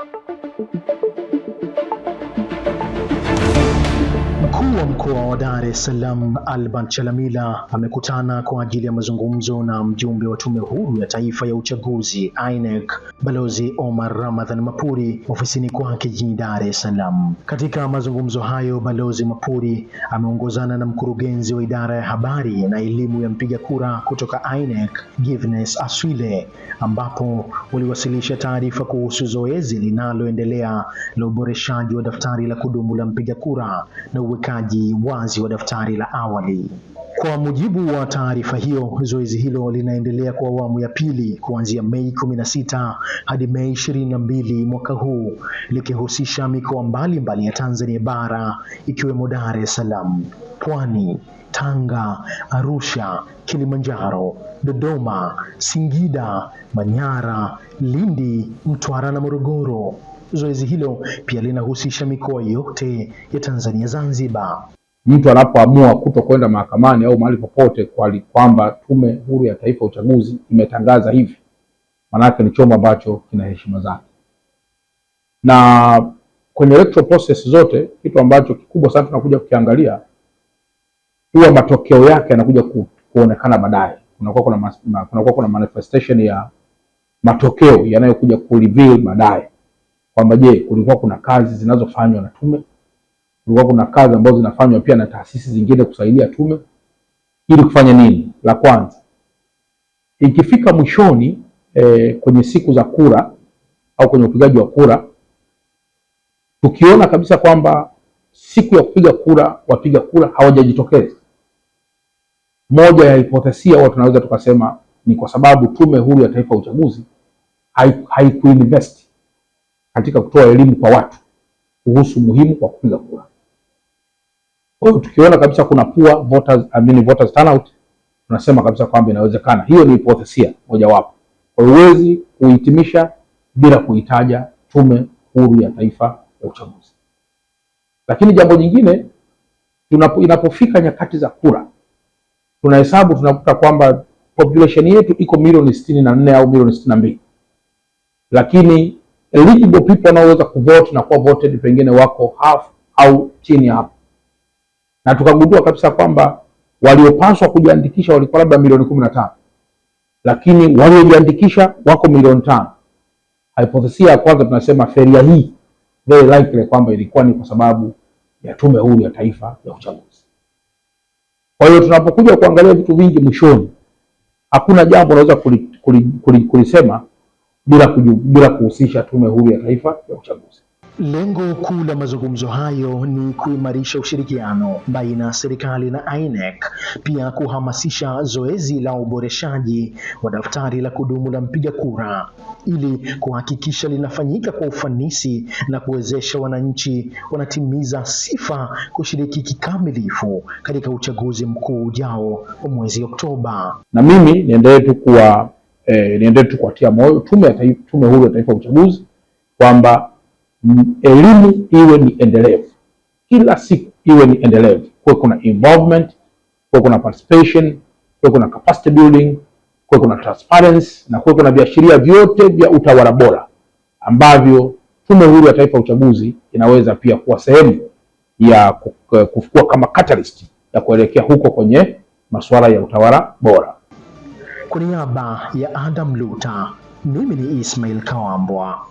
Música wa mkoa wa Dar es Salaam Alban Chalamila amekutana kwa ajili ya mazungumzo na mjumbe wa Tume Huru ya Taifa ya Uchaguzi INEC Balozi Omar Ramadhan Mapuri ofisini kwake jijini Dar es Salaam. Katika mazungumzo hayo, Balozi Mapuri ameongozana na mkurugenzi wa idara ya habari na elimu ya mpiga kura kutoka INEC Givness Aswile, ambapo waliwasilisha taarifa kuhusu zoezi linaloendelea la uboreshaji wa daftari la kudumu la mpiga kura na uwekaji upatikanaji wazi wa daftari la awali. Kwa mujibu wa taarifa hiyo, zoezi hilo linaendelea kwa awamu ya pili kuanzia Mei 16 hadi Mei 22 mwaka huu, likihusisha mikoa mbalimbali ya Tanzania bara ikiwemo Dar es Salaam, Pwani, Tanga, Arusha, Kilimanjaro, Dodoma, Singida, Manyara, Lindi, Mtwara na Morogoro. Zoezi hilo pia linahusisha mikoa yote ya Tanzania. Zanzibar, mtu anapoamua kuto kwenda mahakamani au mahali popote kwamba Tume Huru ya Taifa ya Uchaguzi imetangaza hivi, maanake ni chombo ambacho kina heshima zake, na kwenye electoral process zote, kitu ambacho kikubwa sana tunakuja kukiangalia huwa matokeo yake yanakuja ku, kuonekana baadaye. Kunakuwa kuna, kuna, kuna manifestation ya matokeo yanayokuja ku reveal baadaye kwamba je, kulikuwa kuna kazi zinazofanywa na tume, kulikuwa kuna kazi ambazo zinafanywa pia na taasisi zingine kusaidia tume ili kufanya nini? La kwanza, ikifika mwishoni e, kwenye siku za kura au kwenye upigaji wa kura, tukiona kabisa kwamba siku ya kupiga kura wapiga kura hawajajitokeza, moja ya hipotesia huwa tunaweza tukasema ni kwa sababu Tume Huru ya Taifa ya Uchaguzi haikuinvesti hai katika kutoa elimu kwa watu kuhusu muhimu kwa kupiga kura. Kwa hiyo tukiona kabisa kuna poor voters, I mean voters turnout, tunasema kabisa kwamba inawezekana. Hiyo ni hypothesis mojawapo. Kwa hiyo huwezi kuhitimisha bila kuitaja Tume Huru ya Taifa ya Uchaguzi. Lakini jambo jingine, inapofika nyakati za kura, tunahesabu tunakuta kwamba population yetu iko milioni sitini na nne au milioni sitini na mbili lakini eligible people wanaoweza kuvote na kuwa voted pengine wako half au chini hapo, na tukagundua kabisa kwamba waliopaswa kujiandikisha walikuwa labda milioni kumi na tano lakini waliojiandikisha wako milioni tano. Hypothesis ya kwanza tunasema feria hii very likely kwamba ilikuwa ni kwa sababu ya Tume Huru ya Taifa ya Uchaguzi. Kwa hiyo tunapokuja kuangalia vitu vingi mwishoni, hakuna jambo unaweza kulisema bila bila kuhusisha Tume Huru ya Taifa ya Uchaguzi. Lengo kuu la mazungumzo hayo ni kuimarisha ushirikiano baina ya serikali na INEC, pia kuhamasisha zoezi la uboreshaji wa daftari la kudumu la mpiga kura ili kuhakikisha linafanyika kwa ufanisi na kuwezesha wananchi wanatimiza sifa kushiriki kikamilifu katika uchaguzi mkuu ujao wa mwezi Oktoba. Na mimi niendelee tu kuwa eh, niendelee tu kuwatia moyo tume, Tume Huru ya Taifa ya Uchaguzi kwamba elimu iwe ni endelevu, kila siku iwe ni endelevu, kuwe kuna involvement, kuwe kuna participation, kuwe kuna capacity building, kuwe kuna transparency na kuwe kuna viashiria vyote vya utawala bora ambavyo Tume Huru ya Taifa ya Uchaguzi inaweza pia kuwa sehemu ya eh, kufukua kama catalyst ya kuelekea huko kwenye masuala ya utawala bora. Kwa niaba ya Adam Luta, mimi ni Ismail Kawambwa.